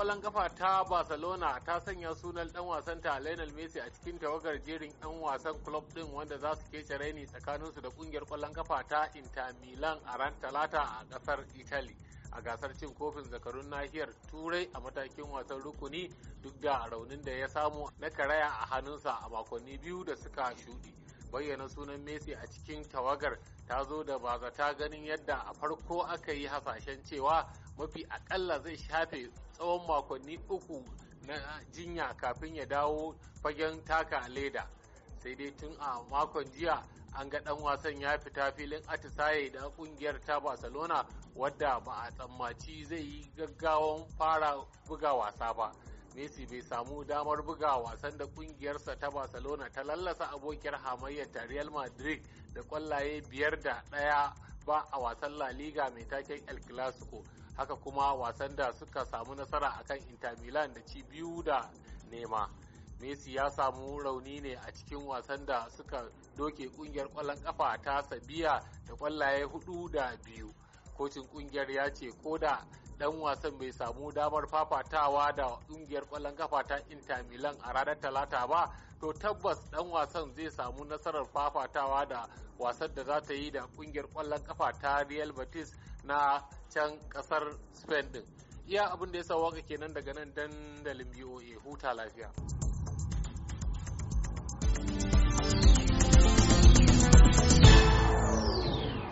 kwallon kafa ta Barcelona ta sanya sunan dan wasan ta Lionel Messi a cikin tawagar jerin dan wasan club din wanda za su kece raini tsakanin su da kungiyar kwallon kafa ta Inter Milan a ran Talata a kasar Italy a gasar cin kofin zakarun nahiyar Turai a matakin wasan rukuni duk da raunin da ya samu na karaya a hannunsa a makonni biyu da suka shuɗe. bayyana sunan messi a cikin tawagar ta zo da bazata ganin yadda a farko aka yi hasashen cewa mafi akalla zai shafe tsawon makonni uku na jinya kafin ya dawo fagen taka leda sai dai tun a makon jiya an ga dan wasan ya fita filin atisaye da kungiyar ta barcelona wadda ba a tsammaci zai yi gaggawan fara buga wasa ba Messi bai samu damar buga wasan da kungiyarsa ta Barcelona ta lallasa abokiyar hamayyar ta Real Madrid da kwallaye biyar da ɗaya ba a wasan La Liga mai taken El Clasico. Haka kuma wasan da suka samu nasara akan Inter Milan da ci biyu da nema. Messi ya samu rauni ne a cikin wasan da suka doke kungiyar kwallon kafa ta Sabiya da kwallaye hudu da biyu. Kocin kungiyar ya ce ko dan wasan bai samu damar fafatawa da kungiyar kwallon kafa ta Inter Milan a ranar Talata ba to tabbas dan wasan zai samu nasarar fafatawa da wasan da za ta yi da kungiyar kwallon kafa ta Real Betis na can kasar Spain din iya abin da ya sa waka kenan daga nan dandalin BOA huta lafiya